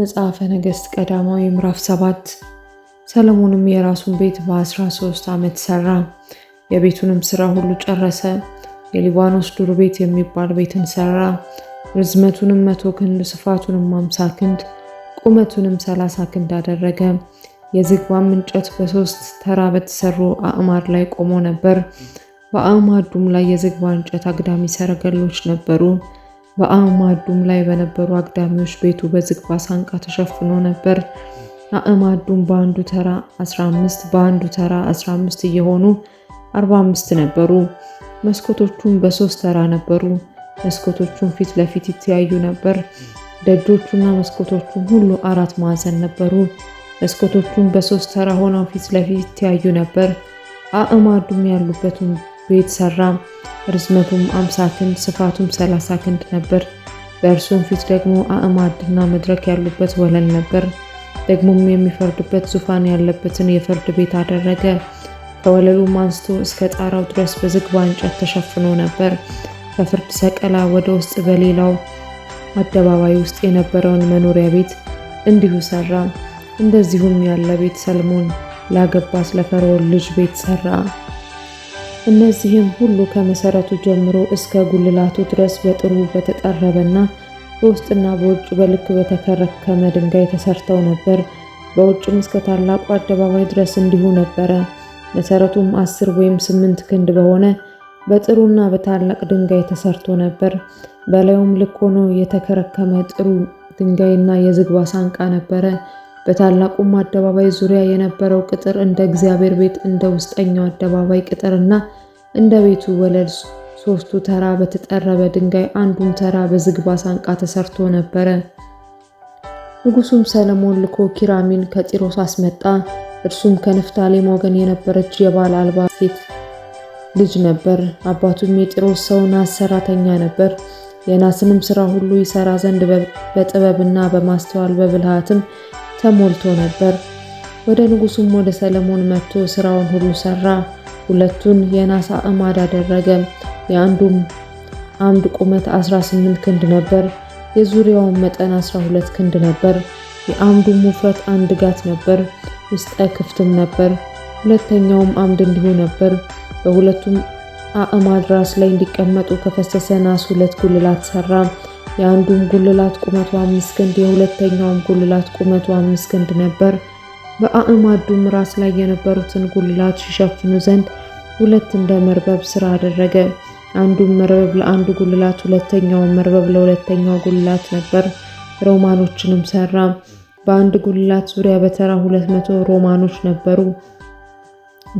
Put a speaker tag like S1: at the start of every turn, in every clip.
S1: መጽሐፈ ነገሥት ቀዳማዊ ምዕራፍ 7 ሰለሞንም የራሱን ቤት በ13 ዓመት ሰራ፣ የቤቱንም ሥራ ሁሉ ጨረሰ። የሊባኖስ ዱር ቤት የሚባል ቤትን ሰራ። ርዝመቱንም መቶ ክንድ ስፋቱንም አምሳ ክንድ ቁመቱንም ሰላሳ ክንድ አደረገ። የዝግባም እንጨት በሶስት ተራ በተሰሩ አዕማድ ላይ ቆሞ ነበር። በአእማዱም ላይ የዝግባ እንጨት አግዳሚ ሰረገሎች ነበሩ። በአዕማዱም ላይ በነበሩ አግዳሚዎች ቤቱ በዝግባ ሳንቃ ተሸፍኖ ነበር። አእማዱም በአንዱ ተራ 15 በአንዱ ተራ 15 እየሆኑ 45 ነበሩ። መስኮቶቹም በሶስት ተራ ነበሩ። መስኮቶቹም ፊት ለፊት ይተያዩ ነበር። ደጆቹና መስኮቶቹም ሁሉ አራት ማዕዘን ነበሩ። መስኮቶቹም በሶስት ተራ ሆነው ፊት ለፊት ይተያዩ ነበር። አእማዱም ያሉበትን ቤት ሰራ። ርዝመቱም አምሳ ክንድ ስፋቱም ሰላሳ ክንድ ነበር። በእርሱም ፊት ደግሞ አእማድና መድረክ ያሉበት ወለል ነበር። ደግሞም የሚፈርድበት ዙፋን ያለበትን የፍርድ ቤት አደረገ። ከወለሉም አንስቶ እስከ ጣራው ድረስ በዝግባ እንጨት ተሸፍኖ ነበር። ከፍርድ ሰቀላ ወደ ውስጥ በሌላው አደባባይ ውስጥ የነበረውን መኖሪያ ቤት እንዲሁ ሰራ። እንደዚሁም ያለ ቤት ሰልሞን ላገባት ለፈርዖን ልጅ ቤት ሰራ። እነዚህም ሁሉ ከመሰረቱ ጀምሮ እስከ ጉልላቱ ድረስ በጥሩ በተጠረበና በውስጥና በውጭ በልክ በተከረከመ ድንጋይ ተሰርተው ነበር። በውጭም እስከ ታላቁ አደባባይ ድረስ እንዲሁ ነበረ። መሰረቱም አስር ወይም ስምንት ክንድ በሆነ በጥሩና በታላቅ ድንጋይ ተሰርቶ ነበር። በላዩም ልክ ሆኖ የተከረከመ ጥሩ ድንጋይና የዝግባ ሳንቃ ነበረ። በታላቁም አደባባይ ዙሪያ የነበረው ቅጥር እንደ እግዚአብሔር ቤት እንደ ውስጠኛው አደባባይ ቅጥርና እንደ ቤቱ ወለል ሶስቱ ተራ በተጠረበ ድንጋይ አንዱም ተራ በዝግባ ሳንቃ ተሰርቶ ነበረ። ንጉሱም ሰለሞን ልኮ ኪራሚን ከጢሮስ አስመጣ። እርሱም ከንፍታሌም ወገን የነበረች የባል አልባ ሴት ልጅ ነበር። አባቱም የጢሮስ ሰው ናስ ሰራተኛ ነበር። የናስንም ስራ ሁሉ ይሰራ ዘንድ በጥበብና በማስተዋል በብልሃትም ተሞልቶ ነበር። ወደ ንጉሱም ወደ ሰለሞን መጥቶ ስራውን ሁሉ ሰራ። ሁለቱን የናስ አዕማድ አደረገ። የአንዱም አምድ ቁመት 18 ክንድ ነበር። የዙሪያውን መጠን 12 ክንድ ነበር። የአምዱም ውፍረት አንድ ጋት ነበር፣ ውስጠ ክፍትም ነበር። ሁለተኛውም አምድ እንዲሁ ነበር። በሁለቱም አዕማድ ራስ ላይ እንዲቀመጡ ከፈሰሰ ናስ ሁለት ጉልላት ሰራ። የአንዱም ጉልላት ቁመቱ አምስት ክንድ የሁለተኛውም ጉልላት ቁመቱ አምስት ክንድ ነበር። በአእማዱም ራስ ላይ የነበሩትን ጉልላት ሲሸፍኑ ዘንድ ሁለት እንደ መርበብ ስራ አደረገ። አንዱም መርበብ ለአንዱ ጉልላት፣ ሁለተኛውም መርበብ ለሁለተኛው ጉልላት ነበር። ሮማኖችንም ሰራ። በአንድ ጉልላት ዙሪያ በተራ ሁለት መቶ ሮማኖች ነበሩ።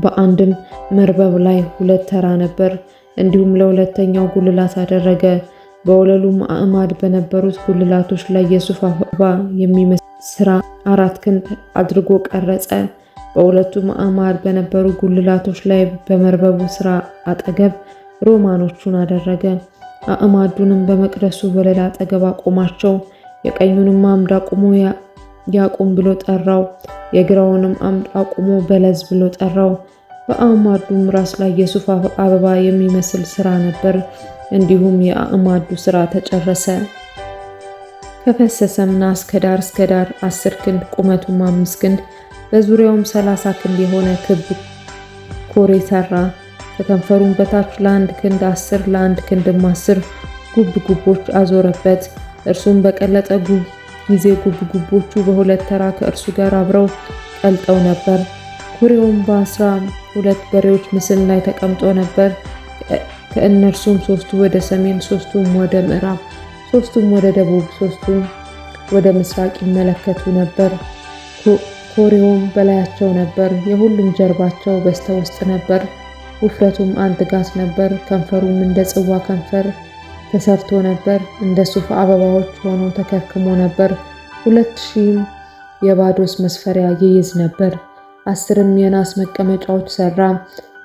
S1: በአንድም መርበብ ላይ ሁለት ተራ ነበር። እንዲሁም ለሁለተኛው ጉልላት አደረገ። በወለሉ ማዕማድ በነበሩት ጉልላቶች ላይ የሱፍ አበባ የሚመስል ስራ አራት ክንድ አድርጎ ቀረጸ። በሁለቱ ማዕማድ በነበሩ ጉልላቶች ላይ በመርበቡ ስራ አጠገብ ሮማኖቹን አደረገ። አዕማዱንም በመቅደሱ ወለል አጠገብ አቆማቸው። የቀኙንም አምድ አቁሞ ያቁም ብሎ ጠራው። የግራውንም አምድ አቁሞ በለዝ ብሎ ጠራው። በአዕማዱም ራስ ላይ የሱፍ አበባ የሚመስል ስራ ነበር። እንዲሁም የአዕማዱ ሥራ ተጨረሰ። ከፈሰሰም ናስ ከዳር እስከ ዳር አስር ክንድ ቁመቱም አምስት ክንድ በዙሪያውም ሰላሳ ክንድ የሆነ ክብ ኮሬ ሰራ። ከከንፈሩም በታች ለአንድ ክንድ አስር ለአንድ ክንድም አስር ጉብ ጉቦች አዞረበት። እርሱም በቀለጠ ጊዜ ጉብ ጉቦቹ በሁለት ተራ ከእርሱ ጋር አብረው ቀልጠው ነበር። ኩሬውም በአስራ ሁለት በሬዎች ምስል ላይ ተቀምጦ ነበር። ከእነርሱም ሶስቱ ወደ ሰሜን፣ ሶስቱም ወደ ምዕራብ፣ ሶስቱም ወደ ደቡብ፣ ሶስቱም ወደ ምስራቅ ይመለከቱ ነበር። ኮሬውም በላያቸው ነበር። የሁሉም ጀርባቸው በስተ ውስጥ ነበር። ውፍረቱም አንድ ጋት ነበር። ከንፈሩም እንደ ጽዋ ከንፈር ተሰርቶ ነበር። እንደ ሱፍ አበባዎች ሆኖ ተከርክሞ ነበር። ሁለት ሺህም የባዶስ መስፈሪያ ይይዝ ነበር። አስርም የናስ መቀመጫዎች ሰራ።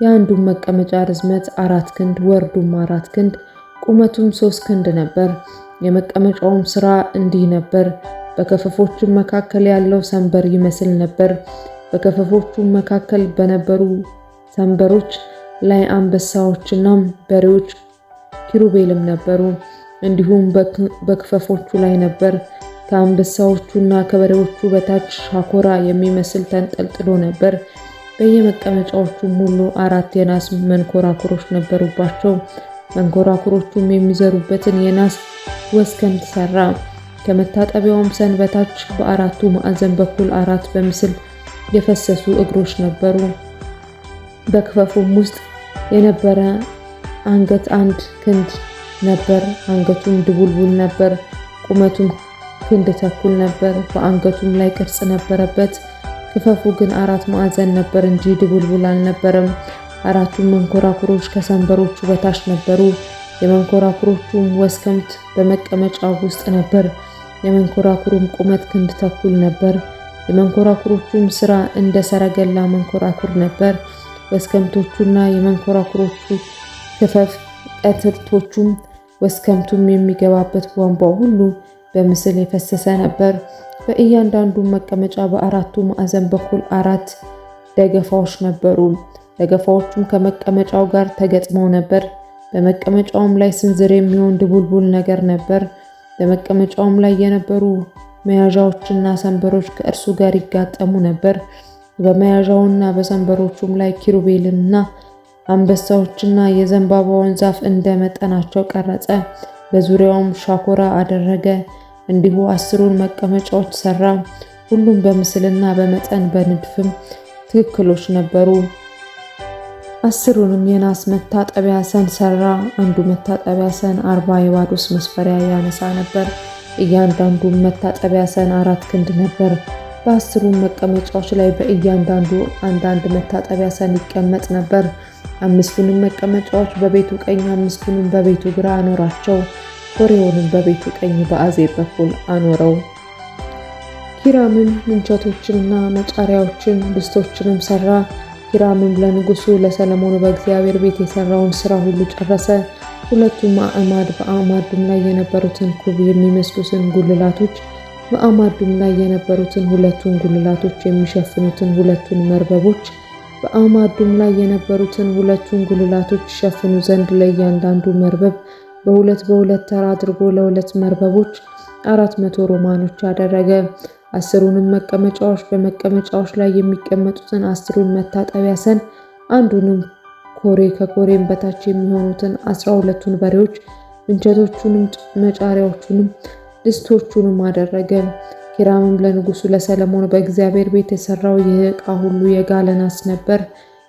S1: የአንዱን መቀመጫ ርዝመት አራት ክንድ ወርዱም አራት ክንድ ቁመቱም ሶስት ክንድ ነበር። የመቀመጫውም ስራ እንዲህ ነበር። በከፈፎቹም መካከል ያለው ሰንበር ይመስል ነበር። በክፈፎቹ መካከል በነበሩ ሰንበሮች ላይ አንበሳዎችና በሬዎች ኪሩቤልም ነበሩ። እንዲሁም በክፈፎቹ ላይ ነበር። ከአንበሳዎቹና ከበሬዎቹ በታች ሻኮራ የሚመስል ተንጠልጥሎ ነበር። በየመቀመጫዎቹ ሙሉ አራት የናስ መንኮራኩሮች ነበሩባቸው። መንኮራኩሮቹም የሚዘሩበትን የናስ ወስከን ሰራ። ከመታጠቢያውም ሰን በታች በአራቱ ማዕዘን በኩል አራት በምስል የፈሰሱ እግሮች ነበሩ። በክፈፉም ውስጥ የነበረ አንገት አንድ ክንድ ነበር። አንገቱም ድቡልቡል ነበር። ቁመቱም ክንድ ተኩል ነበር። በአንገቱም ላይ ቅርጽ ነበረበት። ክፈፉ ግን አራት ማዕዘን ነበር እንጂ ድቡልቡል አልነበረም። አራቱም መንኮራኩሮች ከሰንበሮቹ በታች ነበሩ። የመንኮራኩሮቹም ወስከምት በመቀመጫው ውስጥ ነበር። የመንኮራኩሩም ቁመት ክንድ ተኩል ነበር። የመንኮራኩሮቹም ስራ እንደ ሰረገላ መንኮራኩር ነበር። ወስከምቶቹና የመንኮራኩሮቹ ክፈፍ ቀትርቶቹም ወስከምቱም የሚገባበት ቧንቧ ሁሉ በምስል የፈሰሰ ነበር። በእያንዳንዱ መቀመጫ በአራቱ ማዕዘን በኩል አራት ደገፋዎች ነበሩ። ደገፋዎቹም ከመቀመጫው ጋር ተገጥመው ነበር። በመቀመጫውም ላይ ስንዝር የሚሆን ድቡልቡል ነገር ነበር። በመቀመጫውም ላይ የነበሩ መያዣዎችና ሰንበሮች ከእርሱ ጋር ይጋጠሙ ነበር። በመያዣውና በሰንበሮቹም ላይ ኪሩቤልና አንበሳዎችና የዘንባባውን ዛፍ እንደ መጠናቸው ቀረጸ። በዙሪያውም ሻኮራ አደረገ። እንዲሁ አስሩን መቀመጫዎች ሰራ። ሁሉም በምስልና በመጠን በንድፍም ትክክሎች ነበሩ። አስሩንም የናስ መታጠቢያ ሰን ሰራ። አንዱ መታጠቢያ ሰን አርባ የባዶስ መስፈሪያ ያነሳ ነበር። እያንዳንዱ መታጠቢያ ሰን አራት ክንድ ነበር። በአስሩን መቀመጫዎች ላይ በእያንዳንዱ አንዳንድ መታጠቢያ ሰን ይቀመጥ ነበር። አምስቱንም መቀመጫዎች በቤቱ ቀኝ፣ አምስቱንም በቤቱ ግራ አኖራቸው። ፍሬውንም በቤቱ ቀኝ በአዜብ በኩል አኖረው። ኪራምም ምንቸቶችንና መጫሪያዎችን ድስቶችንም ሰራ። ኪራምም ለንጉሱ ለሰለሞን በእግዚአብሔር ቤት የሰራውን ስራ ሁሉ ጨረሰ። ሁለቱም አዕማድ በአዕማዱም ላይ የነበሩትን ኩብ የሚመስሉትን ጉልላቶች በአዕማዱም ላይ የነበሩትን ሁለቱን ጉልላቶች የሚሸፍኑትን ሁለቱን መርበቦች በአዕማዱም ላይ የነበሩትን ሁለቱን ጉልላቶች ሸፍኑ ዘንድ ለእያንዳንዱ መርበብ በሁለት በሁለት ተራ አድርጎ ለሁለት መርበቦች አራት መቶ ሮማኖች አደረገ። አስሩንም መቀመጫዎች በመቀመጫዎች ላይ የሚቀመጡትን አስሩን መታጠቢያ ሰን አንዱንም ኮሬ ከኮሬም በታች የሚሆኑትን አስራ ሁለቱን በሬዎች እንጨቶቹንም መጫሪያዎቹንም ድስቶቹንም አደረገ። ኪራምም ለንጉሱ ለሰለሞን በእግዚአብሔር ቤት የሰራው ይህ ዕቃ ሁሉ የጋለ ናስ ነበር።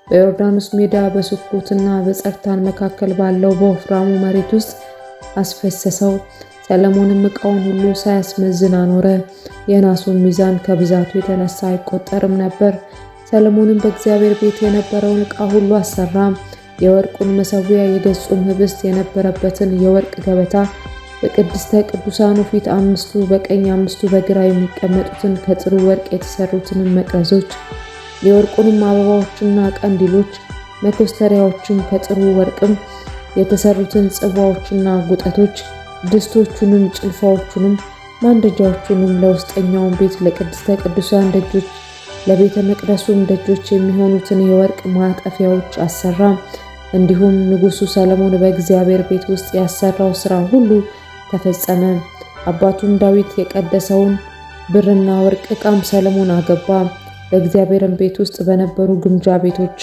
S1: በዮርዳኖስ ሜዳ በሱኮትና በጸርታን መካከል ባለው በወፍራሙ መሬት ውስጥ አስፈሰሰው። ሰለሞንም እቃውን ሁሉ ሳያስመዝን አኖረ። የናሱን ሚዛን ከብዛቱ የተነሳ አይቆጠርም ነበር። ሰለሞንም በእግዚአብሔር ቤት የነበረውን ዕቃ ሁሉ አሰራ። የወርቁን መሰዊያ፣ የገጹም ህብስት የነበረበትን የወርቅ ገበታ በቅድስተ ቅዱሳኑ ፊት አምስቱ በቀኝ አምስቱ በግራ የሚቀመጡትን ከጥሩ ወርቅ የተሰሩትን መቅረዞች የወርቁንም አበባዎችና ቀንዲሎች መኮስተሪያዎችን ከጥሩ ወርቅም የተሰሩትን ጽዋዎችና ጉጠቶች ድስቶቹንም ጭልፋዎቹንም ማንደጃዎቹንም ለውስጠኛውን ቤት ለቅድስተ ቅዱሳን ደጆች ለቤተ መቅደሱም ደጆች የሚሆኑትን የወርቅ ማጠፊያዎች አሰራ። እንዲሁም ንጉሡ ሰለሞን በእግዚአብሔር ቤት ውስጥ ያሰራው ሥራ ሁሉ ተፈጸመ። አባቱም ዳዊት የቀደሰውን ብርና ወርቅ ዕቃም ሰለሞን አገባ። በእግዚአብሔርም ቤት ውስጥ በነበሩ ግምጃ ቤቶች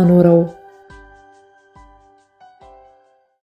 S1: አኖረው።